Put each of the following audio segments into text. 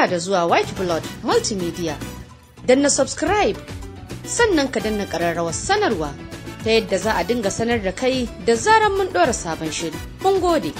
Barka da zuwa White Blood Multimedia. Danna subscribe sannan ka danna ƙararrawar sanarwa ta yadda za a dinga sanar da kai da zaran mun ɗora sabon shiri. Mun gode.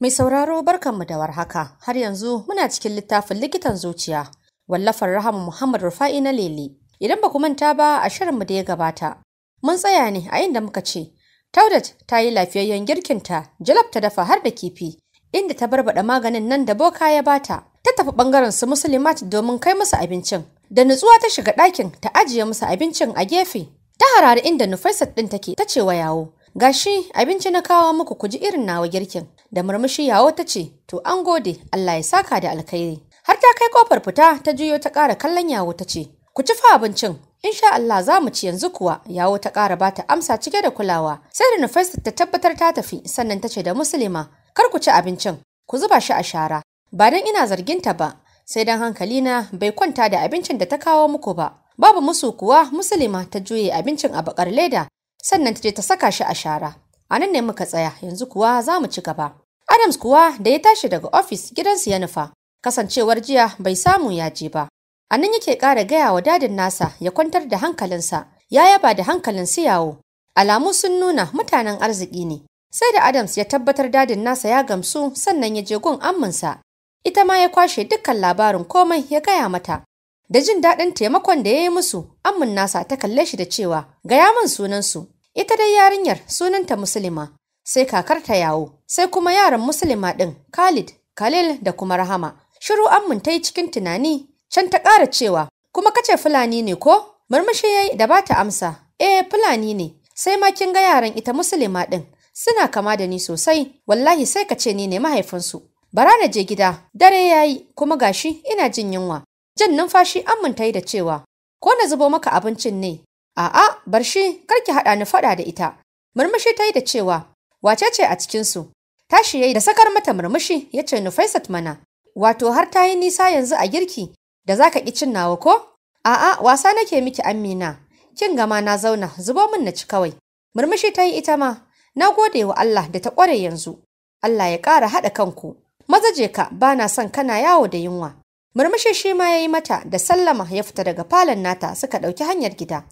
Mai sauraro barkanmu da warhaka har yanzu muna cikin littafin likitan zuciya wallafar Rahama Muhammad Rufa'i na Lele. Idan ba ku manta ba a shirinmu da ya gabata. Mun tsaya ne a inda muka ce Taudat ta yi lafiyayyen girkinta, jalab ta dafa har da kifi, inda ta barbaɗa maganin nan da boka ya bata. Ta tafi ɓangaren su Musulmat domin kai musu abincin. Da nutsuwa ta shiga ɗakin ta ajiye musu abincin a gefe. Ta harari inda Nufaisat ɗin take ta ce wa yawo. Gashi abinci na kawo muku ku ji irin nawa girkin. Da murmushi yawo ta ce, to an gode Allah ya saka da alkhairi. Har ta kai kofar fita ta juyo ta ƙara kallon yawo ta ce, ku ci fa abincin Insha Allah za mu ci yanzu kuwa yawo ta ƙara ba ta amsa cike da kulawa. Sai da Nufaisa ta tabbatar ta tafi sannan ta ce da Musulima, kar ku ci abincin, ku zuba shi a shara. Ba dan ina zarginta ba, sai dan hankalina bai kwanta da abincin da ta kawo muku ba. Babu musu kuwa Musulima ta juye abincin a bakar leda, sannan ta je ta saka shi a shara. A nan ne muka tsaya, yanzu kuwa za mu ci gaba. Adams kuwa da ya tashi daga ofis gidansu ya nufa, kasancewar jiya bai samu ya ji ba. A nan yake ƙara gaya wa dadin nasa ya kwantar da hankalinsa, ya yaba da hankalin su yawo. Alamu sun nuna mutanen arziki ne. Sai da Adams ya tabbatar dadin nasa ya gamsu sannan ya je gun amminsa. Ita ma ya kwashe dukkan labarin komai ya gaya mata. Da jin daɗin taimakon da ya yi musu, ammin nasa ta kalle shi da cewa, gaya min sunansu. Ita dai yarinyar sunanta Musulma, sai kakarta yawo, sai kuma yaran Musulma ɗin Khalid, Khalil da kuma Rahama. Shiru ammin ta yi cikin tunani Can ta ƙara cewa, kuma kace Fulani ne ko? Murmushi ya yi da ba ta amsa, eh Fulani ne, sai ma kin ga yaran ita musulima ɗin, suna kama da ni sosai, wallahi sai ka ce ni ne mahaifinsu. Bara na je gida, dare ya yi, kuma gashi ina jin yunwa. Jan numfashi yi da cewa, ko na zubo maka abincin ne? A'a, bar shi, kar ki haɗa ni faɗa da ita. Murmushi ta yi da cewa, wace ce a cikinsu? Tashi ya yi da sakar mata murmushi ya ce Nufaisat mana, wato har ta yi nisa yanzu a girki, da za ka ƙi cin nawa ko? A'a, wasa nake miki Amina. Kin gama na zauna, zubo min na ci kawai. Murmushi ta yi ita ma, na gode wa Allah da ta kware yanzu. Allah ya ƙara haɗa kanku. Maza je ka, ba na son kana yawo da yunwa. Murmushi shi ma ya yi mata da sallama ya fita daga falon nata suka ɗauki hanyar gida.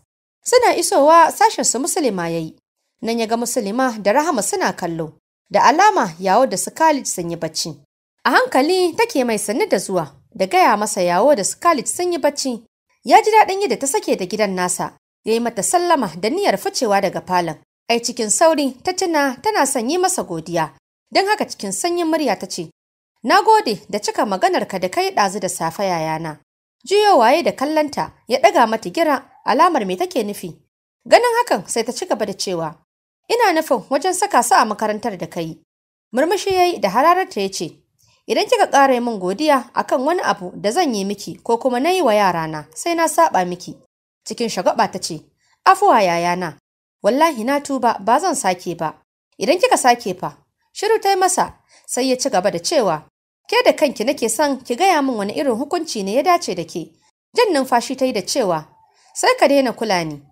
Suna isowa sashen su Musulma ya yi. Nan ya ga Musulma da Rahama suna kallo. Da alama yawo da su Khalid sun yi bacci. A hankali take mai sanni da zuwa, da gaya masa yawo da Scarlett sun yi bacci. Ya ji daɗin yadda ta sake da gidan nasa, ya yi mata sallama da niyyar ficewa daga falon. Ai cikin sauri ta tuna tana son yi masa godiya, don haka cikin sanyin murya ta ce, Na gode da cika maganarka da kai ɗazu da safe yayana. Juyo waye da kallanta ya ɗaga mata gira alamar me take nufi. Ganin hakan sai ta ci gaba da cewa, Ina nufin wajen saka su a makarantar da ka yi. Murmushi ya yi da ta ya ce, Idan kika ƙara min godiya a kan wani abu da zan yi miki ko kuma na yi wa yarana sai na saɓa miki. Cikin shagaba ta ce, Afuwa yayana, wallahi na tuba ba zan sake ba. Idan kika sake fa, shiru ta masa sai ya ci gaba da cewa, Ke da kanki nake son ki gaya min wani irin hukunci ne ya dace da ke. Jan numfashi ta yi da cewa, Sai ka daina kula ni.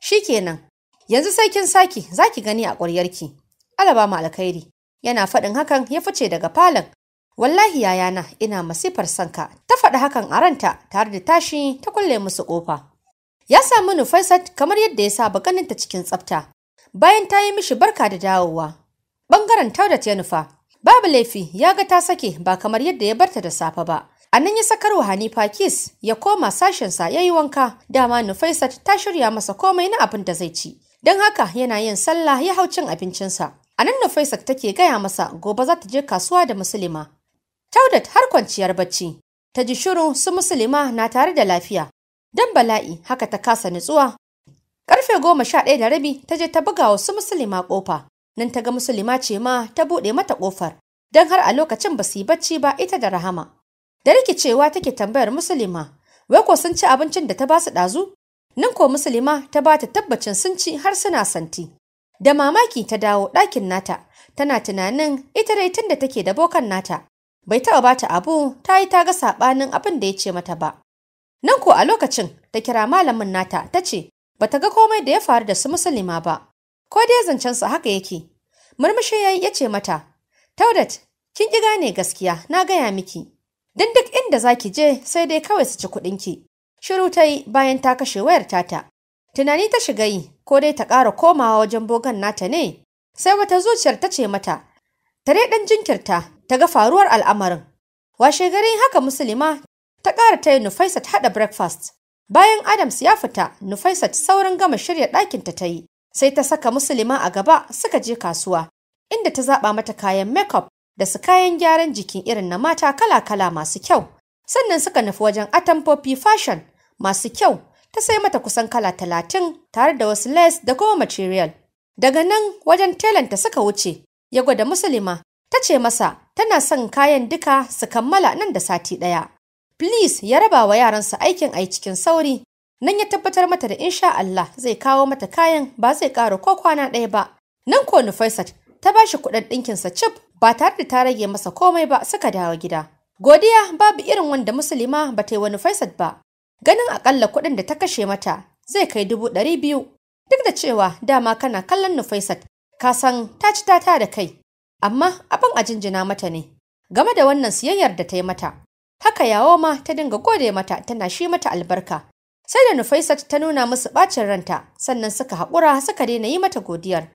Shi kenan, yanzu sai kin saki za ki gani a ƙwaryarki. Alaba mu alkhairi. Yana faɗin hakan ya fice daga falon wallahi yayana ina masifar sanka ta faɗi hakan a ranta tare da tashi ta kulle musu ƙofa ya samu nufaisat kamar yadda ya saba ganinta cikin tsafta bayan ta yi mishi barka da dawowa ɓangaren taudat ya nufa babu laifi ya ga ta sake ba kamar yadda ya barta da safe ba a nan ya sakarwa hanifa kis ya koma sashensa ya yi wanka dama nufaisat ta shirya masa komai na abin da zai ci don haka yana yin sallah ya hau cin abincinsa a nan nufaisat take gaya masa gobe za ta je kasuwa da musulma Taudat har kwanciyar bacci, ta ji shiru su musulma na tare da lafiya, don bala'i haka ta kasa nutsuwa. Karfe goma sha ɗaya da rabi ta je ta buga wasu musulma ƙofa, nan ta ga musulma ce ma ta buɗe mata ƙofar, don har a lokacin ba su yi bacci ba ita da rahama. Da rikicewa take tambayar musulma, wai ko sun ci abincin da ta ba su ɗazu? Nan ko musulma ta ba ta tabbacin sun ci har suna santi. Da mamaki ta dawo ɗakin nata, tana tunanin ita dai tun da take da bokan nata, bai taɓa bata abu ta yi ta ga saɓanin abin da ya ce mata ba. Nan ko a lokacin ta kira malamin nata ta ce ba ta ga komai da ya faru da su musulma ba. Ko dai zancen su haka yake. Murmushi ya ya ce mata, Taudat, kin ƙi gane gaskiya na gaya miki. Don duk inda za ki je sai dai kawai su ci ki. Shiru ta yi bayan ta kashe wayar tata. Tunani ta shiga yi ko dai ta ƙara komawa wajen bogan nata ne. Sai wata zuciyar ta ce mata, Tare ɗan jinkirta ta ga faruwar al'amarin. Washe garin haka Musulma ta ƙara ta yi Nufaisat haɗa breakfast. Bayan Adams ya fita, Nufaisat saurin gama shirya ɗakin ta yi, sai ta saka Musulma a gaba suka je kasuwa, inda ta zaɓa mata kayan makeup da su kayan gyaran jikin irin na mata kala-kala masu kyau. Sannan suka nufi wajen atamfofi fashion masu kyau, ta sai mata kusan kala talatin tare da wasu lace da kuma material. Daga nan wajen telanta suka wuce, ya gwada Musulma Ta ce masa tana son kayan duka su kammala nan da sati ɗaya. Please ya raba wa yaransa aikin ai cikin sauri. Nan ya tabbatar mata da insha Allah zai kawo mata kayan ba zai ƙara ko kwana ɗaya ba. Nan ko Nufaisat ta ba shi kuɗin ɗinkinsa cif ba tare da ta rage masa komai ba suka dawo gida. Godiya babu irin wanda Musulima ba ta yi wa Nufaisat ba. Ganin aƙalla kuɗin da ta kashe mata zai kai dubu ɗari biyu. Duk da cewa dama kana kallon Nufaisat, ka san ta ci ta da kai. amma abin a jinjina mata ne game da wannan siyayyar da ta yi mata. Haka yawo ma ta dinga gode mata tana shi mata albarka. Sai da Nufaisat ta nuna musu ɓacin ranta, sannan suka haƙura suka daina yi mata godiyar.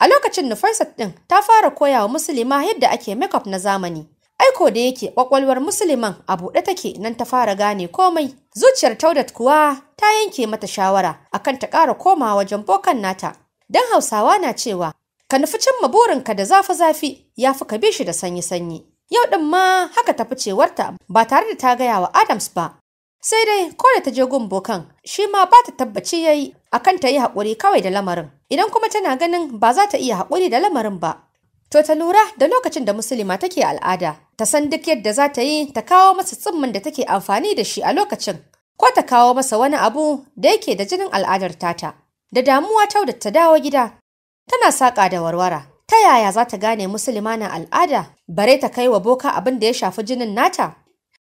A lokacin Nufaisat ɗin ta fara koya wa Musulima yadda ake makeup na zamani. Aiko da yake ƙwaƙwalwar Musulman a buɗe take nan ta fara gane komai. Zuciyar Taudat kuwa ta yanke mata shawara akan ta ƙara komawa wajen bokan nata. Don Hausawa na cewa Ka nufi cimma burinka da zafi-zafi ya fi ka bi shi da sanyi-sanyi. Yau ɗin ma haka tafi cewarta ba tare da ta gaya wa Adams ba. Sai dai ko da ta je gun bokan shi ma ba ta tabbaci yayi akan ta yi haƙuri kawai da lamarin. Idan kuma tana ganin ba za ta iya haƙuri da lamarin ba. To ta lura da lokacin da Musulma take al'ada, ta san duk yadda za ta yi ta kawo masa tsimmin da take amfani da shi a lokacin, ko ta kawo masa wani abu da yake da jinin al'adar tata. Da damuwa tau da ta dawo gida, Tana saƙa da warwara. Ta yaya za ta gane musulma na al'ada bare ta kai wa boka abin da ya shafi jinin nata?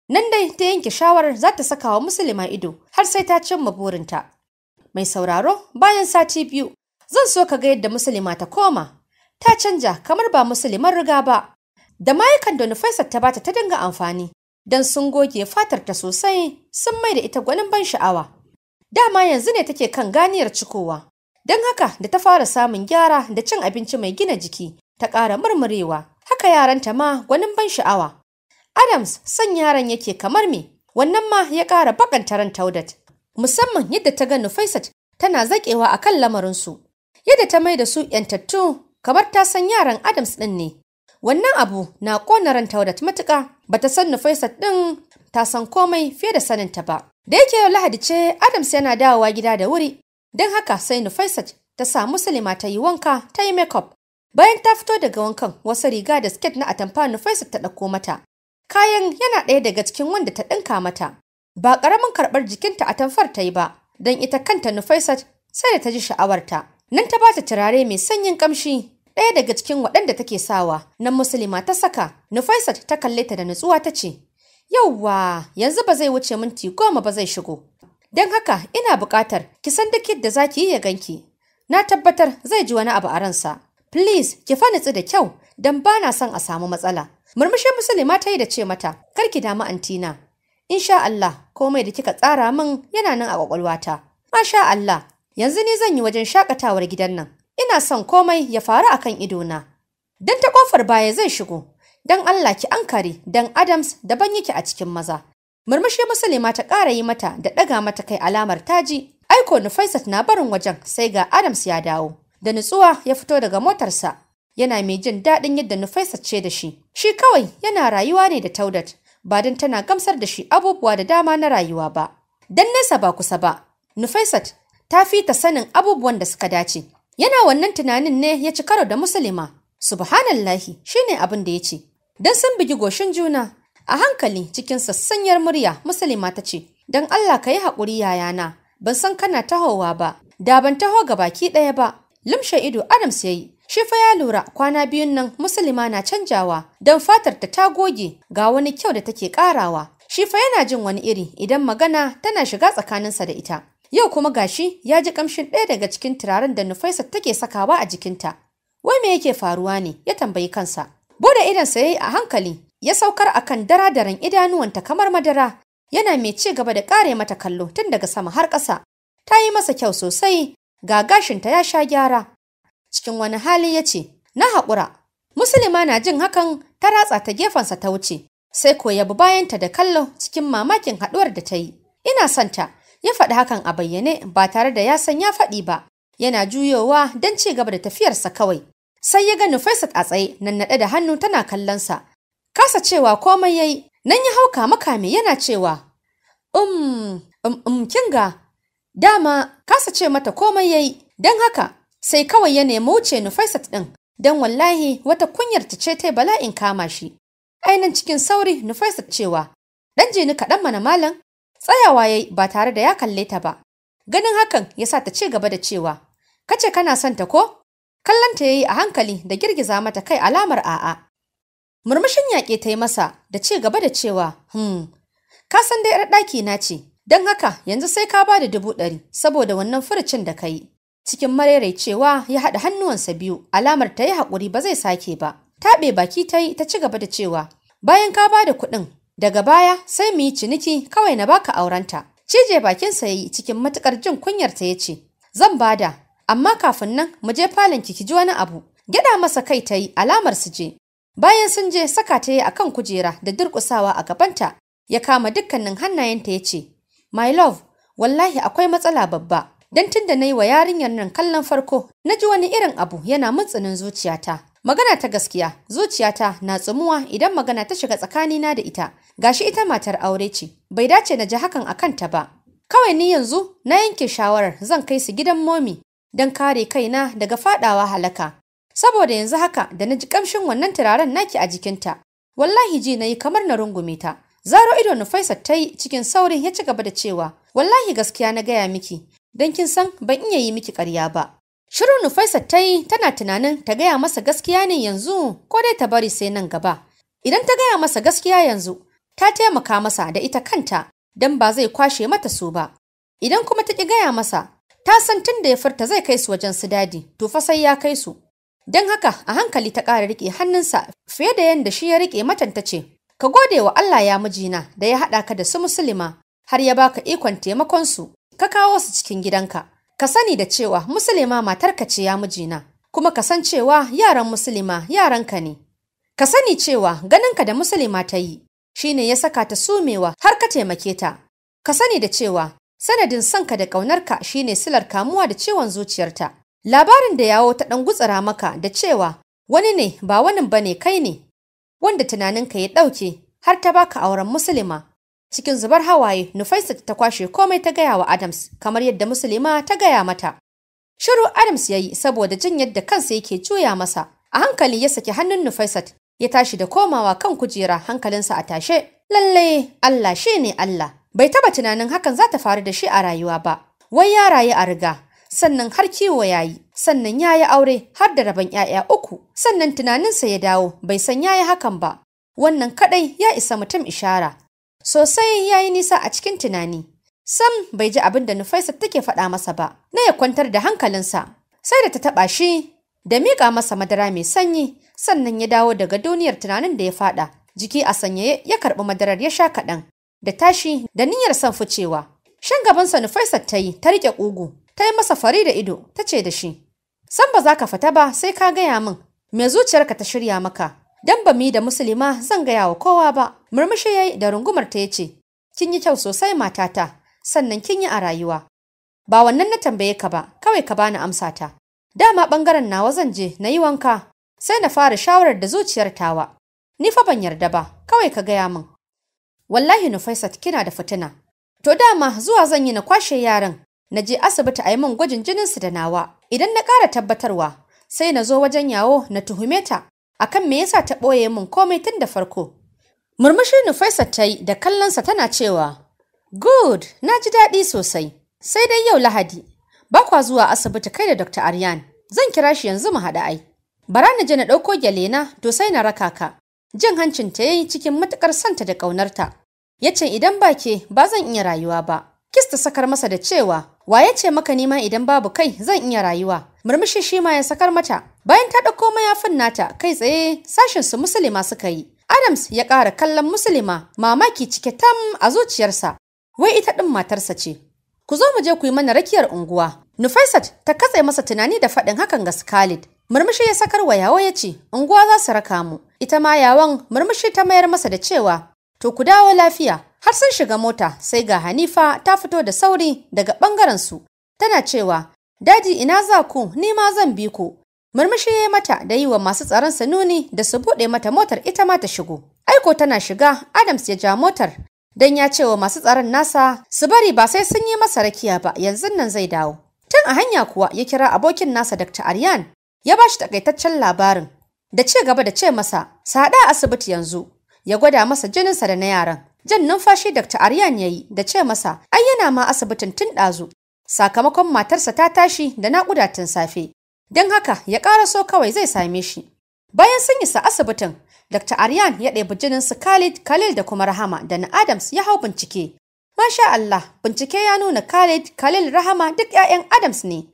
Nan dai ta yanke shawarar za ta saka wa musulma ido har sai ta cimma burinta. Mai sauraro bayan sati biyu zan so ka ga yadda musulma ta koma. Ta canja kamar ba musulman riga ba. Da mayukan da nufaisar ta bata ta dinga amfani don sun goge fatar ta sosai sun mai da ita gwanin ban sha'awa. Dama yanzu ne take kan ganiyar cikowa. Don haka da ta fara samun gyara da cin abinci mai gina jiki ta ƙara murmurewa, haka yaranta ma gwanin ban sha'awa. Adams son yaran yake kamar me, wannan ma ya ƙara bakanta taron Taudat, musamman yadda ta ga Nufaisat tana zaƙewa a kan lamarinsu, yadda ta mai da su ‘yantattu kamar ta san yaran Adams ɗin ne. Wannan abu na ƙona ran Taudat matuƙa, ba ta san Nufaisat ɗin ta san komai fiye da saninta ba. Da yake yau Lahadi ce Adams yana dawowa gida da wuri, Don haka sai Nufaisat ta samu Salima ta yi wanka ta yi makeup. Bayan ta fito daga wankan wasu riga da siket na atamfa Nufaisat ta ɗauko mata. Kayan yana ɗaya daga cikin wanda ta ɗinka mata. Ba ƙaramin karɓar jikinta atamfar ta yi ba, don ita kanta Nufaisat sai da ta ji sha'awarta. Nan ta bata turare mai sanyin ƙamshi ɗaya daga cikin waɗanda take sawa nan musulma ta saka nufaisat ta kalle ta da nutsuwa ta ce yauwa yanzu ba zai wuce minti goma ba zai shigo Don haka ina buƙatar ki san duk yadda za ki yi ya ganki. Na tabbatar zai ji wani abu a ransa. Please ki fanitsi da kyau don ba na son a samu matsala. Murmushin Musulma ta yi da ce mata, kar ki damu antina. Insha Allah, komai da kika tsara min yana nan a kwakwalwata. Masha Allah, yanzu ni zan yi wajen shakatawar gidan nan. Ina son komai ya faru a kan idona. Don ta ƙofar baya zai shigo. Don Allah ki ankare, don Adams daban yake a cikin maza. Murmushi Musulma ta ƙara yi mata da ɗaga mata kai alamar taji. Aiko Nufaisat na barin wajen sai ga Adams ya dawo. Da nutsuwa ya fito daga motarsa. Yana mai jin daɗin yadda Nufaisat ce da shi. Shi kawai yana rayuwa ne da Taudat, ba don tana gamsar da shi abubuwa da dama na rayuwa ba. Don nesa ba kusa ba, Nufaisat ta fi ta sanin abubuwan da suka dace. Yana wannan tunanin ne ya ci karo da Musulma. Subhanallahi ne abin da ya ce. Don sun bugi goshin juna, A hankali cikin sassanyar murya Musulma ta ce, Don Allah ka yi haƙuri yayana, ban san kana tahowa ba, da ban taho ga baki ɗaya ba. Limshe ido Adams ya yi, shi fa ya lura kwana biyun nan Musulma na canjawa don fatar ta ta goge ga wani kyau da take ƙarawa. Shi fa yana jin wani iri idan magana tana shiga tsakaninsa da ita. Yau kuma gashi ya ji kamshin ɗaya daga cikin turaren da Nufaisa take sakawa a jikinta. Wai me yake faruwa ne? ya tambayi kansa. Bude idon sa yi a hankali ya saukar a kan dara daren idanuwanta kamar madara, yana mai ci gaba da ƙare mata kallo tun daga sama har ƙasa. Ta yi masa kyau sosai, ga gashinta ya sha gyara. Cikin wani hali ya ce, Na haƙura, Musulma na jin hakan ta ratsa ta gefensa ta wuce, sai ko ya bi bayanta da kallo cikin mamakin haɗuwar da ta yi. Ina santa, ya faɗi hakan a bayyane ba tare da ya san ya faɗi ba, yana juyowa don ci gaba da tafiyarsa kawai. Sai ya ga Nufaisat a tsaye, nannaɗe da hannu tana kallonsa. kasa cewa komai yayi nan ya hauka makami yana cewa um um, um kinga dama kasa ce mata komai yayi dan haka sai kawai ya nemi wuce Nufaisat din dan wallahi wata kunyar ta ce tai bala'in kama shi ainin cikin sauri Nufaisat cewa dan je ni kaɗan mana malam tsayawa yayi ba tare da ya kalle ta ba ganin hakan ya sa ta ce gaba da cewa kace kana son ta ko Kallonta ya yayi a hankali da girgiza mata kai alamar a'a Murmushin yaƙe ta yi masa da ci gaba da cewa, "Hmm, ka san dai ‘yar ɗaki na ce, don haka yanzu sai ka ba da dubu ɗari saboda wannan furucin da ka yi." Cikin marairai cewa ya haɗa hannuwansa biyu alamar ta yi haƙuri ba zai sake ba. Taɓe baki ta yi ta ci gaba da cewa, "Bayan ka ba da kuɗin, daga baya sai mu yi ciniki kawai na baka aurenta." Cije bakinsa ya yi cikin matuƙar jin kunyarta ya ce, "Zan bada, amma kafin nan mu je falon ki ji wani abu." Gyaɗa masa kai ta yi alamar su je. Bayan sun je saka ta yi akan kujera da durƙusawa a gabanta, ya kama dukkanin hannayenta ya ce, My love, wallahi akwai matsala babba, don tun da na yi wa yarinyar nan kallon farko, na ji wani irin abu yana mutsinin zuciyata. Magana ta gaskiya, zuciyata na tsumuwa idan magana ta shiga tsakanina da ita, gashi ita matar aure ce, bai dace na ji hakan a kanta ba. Kawai ni yanzu na yanke shawarar zan kai su gidan momi don kare kaina daga faɗawa halaka. saboda yanzu haka da na ji kamshin wannan turaren naki a jikinta wallahi ji na yi kamar na rungume ta zaro ido nufaisa ta yi cikin saurin ya ci gaba da cewa wallahi gaskiya na gaya miki don kin san ban iya yi miki karya ba shiru nufaisa ta yi tana tunanin ta gaya masa gaskiya ne yanzu ko dai ta bari sai nan gaba idan ta gaya masa gaskiya yanzu ta taimaka masa da ita kanta don ba zai kwashe mata su ba idan kuma ta ki gaya masa ta san tun da ya furta zai kai su wajen su dadi to fa sai ya kai su Don haka a hankali ta ƙara riƙe hannunsa fiye da yadda shi ya riƙe matan ta ce, Ka gode wa Allah ya mijina da ya haɗa ka da su Musulma har ya baka ikon taimakonsu, ka kawo su cikin gidanka. Ka sani da cewa Musulma matarka ce ya mijina, kuma ka san cewa yaran Musulma yaranka ne. Ka sani cewa ganinka da Musulma ta yi shi ne ya saka ta sumewa har ka taimake ta. Ka sani da cewa sanadin sanka da ƙaunarka shine silar kamuwa da ciwon zuciyarta. Labarin da yawo ta ɗan gutsara maka da cewa wani ne ba wani bane kai ne, wanda tunaninka ya ɗauke har ta baka auren Musulma. Cikin zubar hawaye, Nufaisa ta kwashe komai ta gaya wa Adams kamar yadda Musulma ta gaya mata. Shiru Adams ya yi saboda jin yadda kansa yake juya masa. A hankali ya saki hannun Nufaisat ya tashi da komawa kan kujera hankalinsa a tashe. Lallai Allah shi ne Allah. Bai taba tunanin hakan za ta faru da shi a rayuwa ba. Wai ya rayu a riga, sannan har kiwo ya yi. sannan ya yi aure har da rabon 'ya'ya uku sannan tunaninsa ya dawo bai san ya yi hakan ba wannan kadai ya isa mutum ishara sosai ya yi nisa a cikin tunani sam bai ji abin da nufaisa take faɗa masa ba na ya kwantar da hankalinsa sai da ta taɓa shi da miƙa masa madara mai sanyi sannan ya dawo daga duniyar tunanin da ya faɗa jiki a sanyaye ya karɓi madarar ya sha kaɗan da tashi da niyyar san ficewa shan gabansa nufaisa ta yi ta riƙe ƙugu ta yi masa fari da ido ta ce da shi san ba za ka fita ba sai ka gaya min me zuciyarka ta shirya maka dan ba mi da musulma zan gaya wa kowa ba murmushi yi da rungumar ta ce. kin yi kyau sosai matata sannan kin yi a rayuwa ba wannan na tambaye ka ba kawai ka bani amsa ta dama bangaren nawa zan je na yi wanka sai na fara shawarar da zuciyar tawa ni fa ban yarda ba kawai ka gaya min wallahi Nufaisat kina da fitina to dama zuwa zan yi na kwashe yaran na je asibiti a yi min gwajin jinin su da nawa idan na ƙara tabbatarwa sai na zo wajen yawo na tuhume ta akan me yasa ta ɓoye min komai tun da farko murmushi nufaisa ta yi da kallonsa tana cewa good na ji daɗi sosai sai dai yau lahadi ba kwa zuwa asibiti kai da dr aryan zan kira shi yanzu mu haɗa ai bara na je na ɗauko gyalena to sai na raka ka jin hancin ta yayi cikin matuƙar santa da ƙaunarta ya ce idan ba ke ba zan iya rayuwa ba kista sakar masa da cewa Wa ya ce maka nima idan babu kai zan iya rayuwa? Murmushi shi ma ya sakar mata. Bayan ta ɗauko mayafin nata kai tsaye sashen su Musulma suka yi. Adams ya ƙara kallon Musulma mamaki cike tam a zuciyarsa. Wai ita ɗin matarsa ce. Ku zo mu je ku yi mana rakiyar unguwa. Nufaisat ta katse masa tunani da faɗin hakan ga Scarlett. Murmushi ya sakar wa yawo ya ce, Unguwa za su raka mu, ita ma yawan murmushi ta mayar masa da cewa, To ku dawo lafiya, Har sun shiga mota sai ga Hanifa ta fito da sauri daga ɓangarensu, su tana cewa daji ina za ku ni ma zan bi ku. Murmushi ya yi mata da yi wa masu tsaron nuni da su buɗe mata motar ita ma ta shigo. Aiko tana shiga Adams ya ja motar don ya ce wa masu tsaron nasa su bari ba sai sun yi masa rakiya ba yanzu nan zai dawo. Tun a hanya kuwa ya kira abokin nasa Dr. Aryan ya ba shi takaitaccen labarin da ce gaba da ce masa sada asibiti yanzu ya gwada masa jininsa da na yaran. Jan numfashi Dr. Aryan ya yi da ce masa, ai yana ma asibitin tun ɗazu. Sakamakon matarsa ta tashi da naƙuda tun safe. Don haka ya ƙara so kawai zai same shi. Bayan sun isa asibitin, Dr. Aryan ya ɗebi jinin su Khalid, Khalil da kuma Rahama da na Adams ya hau bincike. Masha Allah, bincike ya nuna Khalid, Khalil, Rahama duk 'ya'yan Adams ne.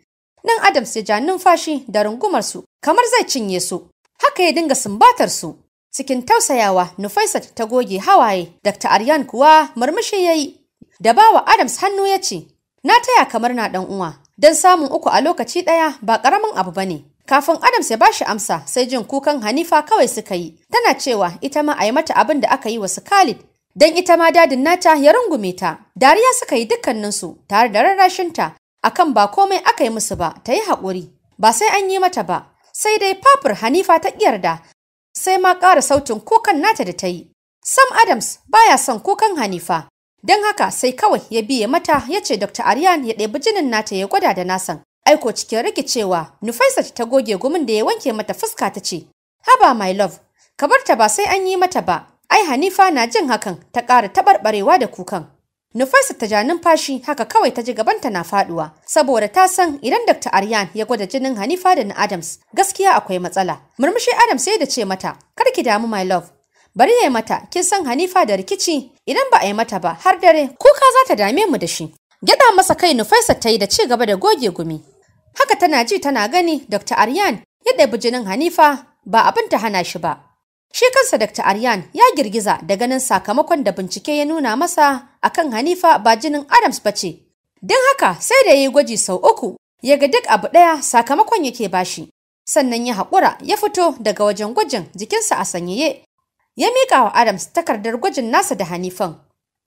Nan Adams ya ja numfashi da rungumar su kamar zai cinye su. Haka ya dinga sumbatar su. Cikin tausayawa, Nufaisat ta goge hawaye, Dr. Aryan kuwa murmushi ya yi. Da bawa Adams hannu ya ce, Na taya kamar na ɗan uwa, don samun uku a lokaci ɗaya ba ƙaramin abu ba ne. Kafin Adams ya ba shi amsa, sai jin kukan Hanifa kawai suka yi, tana cewa ita ma a yi mata abin da aka yi wa su Khalid, don ita ma dadin nata ya rungume ta. Dariya suka yi dukkaninsu tare da rarrashinta akan ba komai aka yi musu ba, ta yi haƙuri. Ba sai an yi mata ba, sai dai fafur Hanifa ta ƙi yarda sai ma ƙara sautin kukan nata da ta yi. Sam Adams baya son kukan Hanifa, don haka sai kawai ya biye mata ya ce Dr. Aryan ya ɗebi jinin nata ya gwada da nasan. Aiko cikin rikicewa, Nufaisat ta goge gumin da ya wanke mata fuska ta ce, Haba my love, ka bar ta ba sai an yi mata ba, ai Hanifa na jin hakan ta ƙara taɓarɓarewa da kukan. Nufaisa ta ja numfashi haka kawai ta ji gabanta na faduwa saboda ta san idan Dr. Aryan ya gwada jinin Hanifa da na Adams gaskiya akwai matsala. Murmushi Adams sai da ce mata, "Kar ki damu my love." Bari yayi mata, kin san Hanifa da rikici idan ba a yi mata ba har dare kuka za ta dame mu da shi. Gyada masa kai Nufaisa ta yi da ci gaba da goge gumi. Haka tana ji tana gani Dr. Aryan ya ɗabi jinin Hanifa ba abin ta hana shi ba. Shi kansa Dr. Aryan ya girgiza da ganin sakamakon da bincike ya nuna masa akan Hanifa ba jinin Adams ba ce. Don haka sai da ya yi gwaji sau uku, ya ga duk abu ɗaya sakamakon yake bashi. Sannan ya haƙura ya fito daga wajen gwajin jikinsa a sanyaye. Ya miƙa wa Adams takardar gwajin nasa da Hanifan.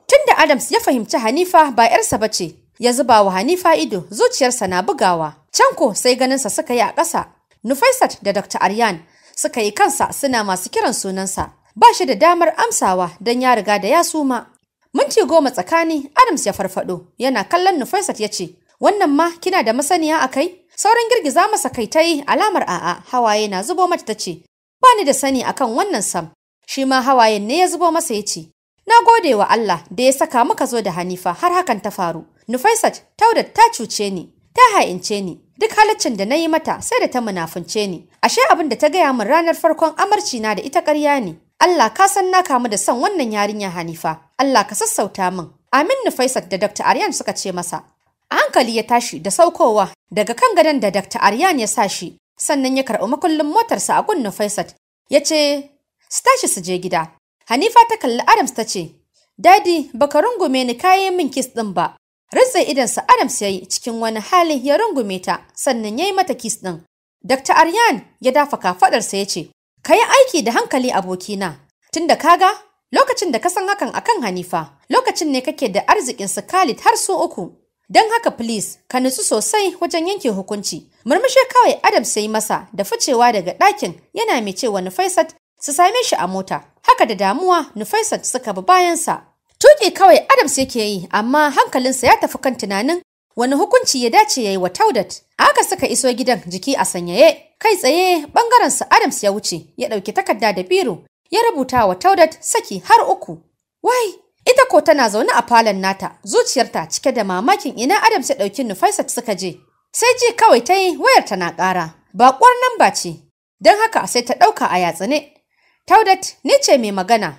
Tun da Adams ya fahimci Hanifa ba ‘yarsa ba ce, ya zuba wa Hanifa ido zuciyarsa na bugawa. canko sai ganinsa suka yi a ƙasa. Nufaisat da Dr. Aryan suka yi kansa suna masu kiran sunansa. Ba shi da damar amsawa don ya riga da ya suma. Minti goma tsakani Adams ya farfado yana kallon Nufaisat ya ce, Wannan ma kina da masaniya a kai? Sauran girgiza masa kai ta yi alamar a'a hawaye na zubo mata ta ce, Ba ni da sani akan wannan sam. Shi ma hawayen ne ya zubo masa ya ce, Na gode wa Allah da ya saka muka zo da Hanifa har hakan ta faru. Nufaisat, Taudat ta cuce ni, ta ha'ince ni, duk halaccin da na yi mata sai da ta munafunce ni. ashe abin da ta gaya min ranar farkon amarci na da ita ƙarya ne Allah ka san na kamu da son wannan yarinya Hanifa Allah ka sassauta min Amin Nufaisat da Dr. Aryan suka ce masa a hankali ya tashi da saukowa daga kan gadon da Dr. Aryan ya sa shi sannan ya karɓi makullin motarsa a gun faisat ya ce su tashi su je gida Hanifa ta kalli Adams ta ce Dadi baka rungume ni kayan min kis ɗin ba Ritsa idansa Adams ya yi cikin wani hali ya rungume ta sannan ya yi mata kis ɗin. Dr. Aryan ya dafa kafaɗarsa ya ce, Ka yi aiki da hankali abokina, tunda kaga lokacin da ka san hakan akan Hanifa, lokacin ne kake da arzikin su Khalid har su uku. Don haka please ka nutsu sosai wajen yanke hukunci. Murmushe kawai Adam sai masa da ficewa daga ɗakin yana mai cewa Nufaisat su same shi a mota. Haka da damuwa Nufaisat suka bi bayansa. Tuƙi kawai Adams yake yi amma hankalinsa ya tafi kan tunanin wani hukunci ya dace ya yi wa Taudat. Aka suka iso gidan jiki a sanyaye. Kai tsaye bangaren su Adams ya wuce ya ɗauki takarda da biro ya rubuta wa Taudat saki har uku. Wai, ita ko tana zaune a falon nata zuciyarta cike da mamakin ina Adams ya ɗauki Nufaisat suka je. Sai ji kawai ta yi wayar tana ƙara. Baƙuwar nan ba ce, don haka sai ta ɗauka a yatsune. Taudat ni ce mai magana.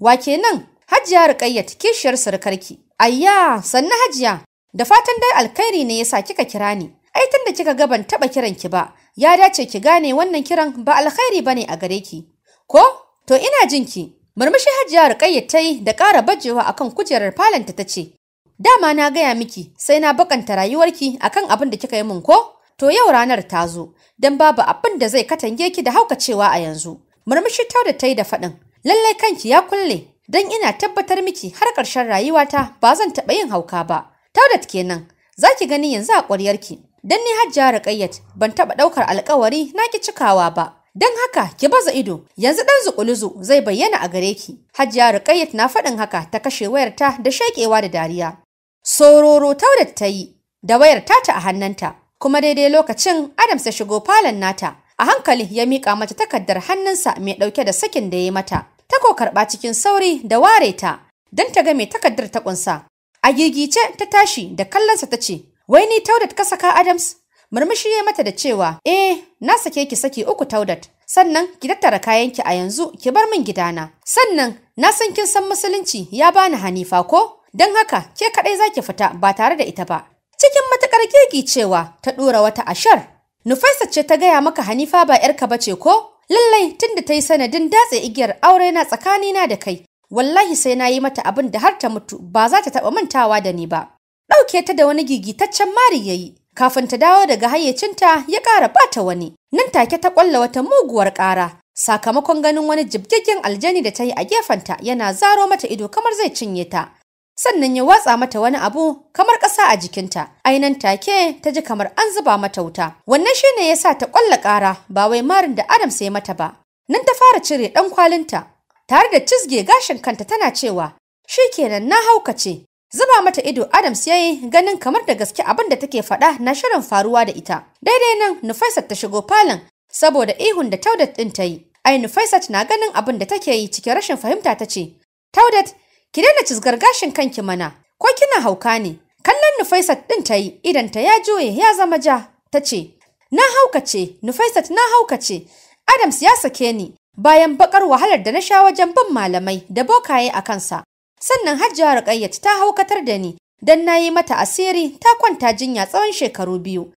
Wa kenan Hajiya Rukayyat, kishiyar surukarki. Ayya, sannu Hajiya, Da fatan dai alkhairi ne yasa kika kira ni. Ai tunda kika ga ban taba kiran ki ba, ya dace ki gane wannan kiran ba alkhairi bane a gare ki. Ko? To ina jin ki. Murmushi Hajiya Ruqayyah ta yi da ƙara bajewa akan kujerar falanta ta ce, "Dama na gaya miki, sai na bakanta rayuwarki akan abin da kika yi min ko? To yau ranar ta zo, dan babu abin da zai katange ki da haukacewa a yanzu." Murmushi ta da ta yi da faɗin, "Lallai kanki ya kulle, don ina tabbatar miki har ƙarshen rayuwata ba zan taɓa yin hauka ba." Taudat kenan, zaki gani yanzu a ƙwaryarki. Dan ni Hajjara Qayyat ban taɓa ɗaukar alƙawari na ki cikawa ba. dan haka ki baza ido, yanzu ɗan zuƙuluzu zai bayyana a gare ki. Hajiya Ruqayyat na faɗin haka ta kashe wayarta da shaƙewa da dariya. Sororo Taudat ta yi da wayar ta a hannunta, kuma daidai lokacin Adams ya shigo falon nata. A hankali ya miƙa mata takardar hannunsa mai ɗauke da sakin da ya mata. Ta ko karɓa cikin sauri da ware ta, don ta ga mai takardar ta ƙunsa. A gigice ta tashi da kallonsa ta ce, Wai ni Taudat ka saka Adams? Murmushi ya mata da cewa, Eh, na sake ki saki uku Taudat, sannan ki tattara kayanki a yanzu ki bar min gidana. Sannan na san kin san musulunci ya bani Hanifa ko? Don haka ke kaɗai za ki fita ba tare da ita ba. Cikin matuƙar keki cewa ta ɗora wata ashar. Nufaisa ce ta gaya maka Hanifa ba ‘yarka ba ce ko? Lallai tunda ta yi sanadin datse igiyar aure na tsakanina da kai, wallahi sai na yi mata abin da har ta mutu ba za ta taɓa mantawa da ni ba. Ɗauke ta da wani gigitaccen mari ya yi, kafin ta dawo daga hayyacinta ya ƙara ɓata wani, nan take ta ƙwalla wata muguwar ƙara. Sakamakon ganin wani jibgaggen aljani da ta yi a gefenta yana zaro mata ido kamar zai cinye ta. Sannan ya watsa mata wani abu kamar ƙasa a jikinta, ainan take ta ji kamar an zuba mata wuta. Wannan shine ya sa ta ƙwalla ƙara ba wai marin da Adam sai mata ba. Nan ta fara cire ɗan kwalinta, tare da cizge gashin kanta tana cewa shi kenan na haukace zuba mata ido Adams ya yi ganin kamar da gaske abin da take faɗa na shirin faruwa da ita daidai nan Nufaisat ta shigo falon saboda ihun da Taudat ɗin ta yi ai Nufaisat na ganin abin da take yi cikin rashin fahimta ta ce Taudat ki daina cizgar gashin kanki mana ko kina hauka ne kallon Nufaisat ɗin ta yi idan ta ya juye ya zama ja ta ce na haukace Nufaisat na haukace Adams ya sake ni bayan bakar wahalar da na sha wajen bin malamai da bokaye a kansa. Sannan Hajjiyar Rukayyat ta haukatar da ni dan yi mata asiri ta kwanta jinya tsawon shekaru biyu.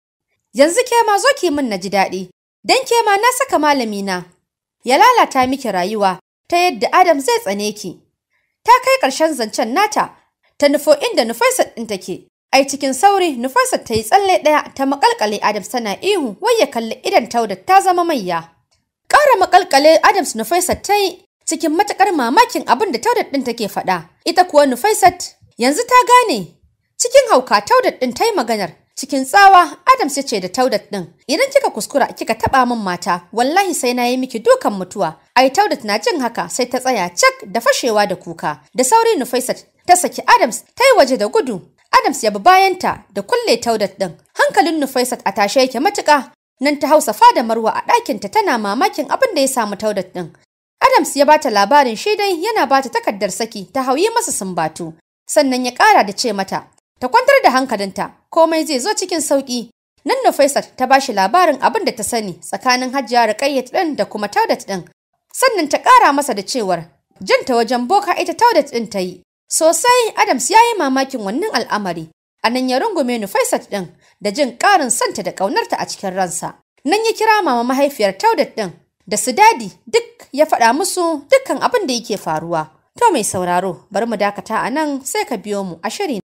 Yanzu ke ma zo ki min na ji daɗi, dan ke ma na saka malamina. Ya lalata miki rayuwa ta yadda Adam zai tsane ki. Ta kai ƙarshen zancen nata ta nufo inda nufarsa ɗin take. Ai cikin sauri nufaisar ta yi tsalle ɗaya ta maƙalƙale Adam tana ihu wai ya kalli idan tauda ta zama mayya. Ƙara makalkale Adams Nufaisat ta yi cikin matuƙar mamakin abin da Taudat ɗin take faɗa. Ita kuwa Nufaisat yanzu ta gane. Cikin hauka Taudat ɗin ta yi maganar. Cikin tsawa Adams ya ce da Taudat ɗin. Idan kika kuskura kika taɓa min mata wallahi sai na yi miki dukan mutuwa. Ai Taudat na jin haka sai ta tsaya cak da fashewa da kuka. Da sauri Nufaisat ta saki Adams ta yi waje da gudu. Adams ya bi bayanta da kulle Taudat ɗin. Hankalin Nufaisat a tashe yake matuƙa Nan ta hausa fada Marwa a ɗakinta tana mamakin abin da ya samu Taudat ɗin. Adams ya bata labarin shi dai yana bata takardar saki ta hauyi masa sumbatu. Sannan ya ƙara da ce mata, ta kwantar da hankalinta, komai zai zo cikin sauƙi. Nan Faisal ta bashi labarin abin da ta sani tsakanin Hajiya Ruqayyat ɗin da kuma Taudat ɗin. Sannan ta ƙara masa da cewar, janta wajen boka ita Taudat ɗin ta yi. Sosai Adams ya yi mamakin wannan al'amari, A nan ya rungume Nufaisat ɗin da jin ƙarin santa da ƙaunarta a cikin ransa. Nan ya kira mama mahaifiyar Taudat ɗin da su dadi duk ya faɗa musu dukkan abin da yake faruwa. To mai sauraro, bari mu dakata a nan sai ka biyo mu a shirin.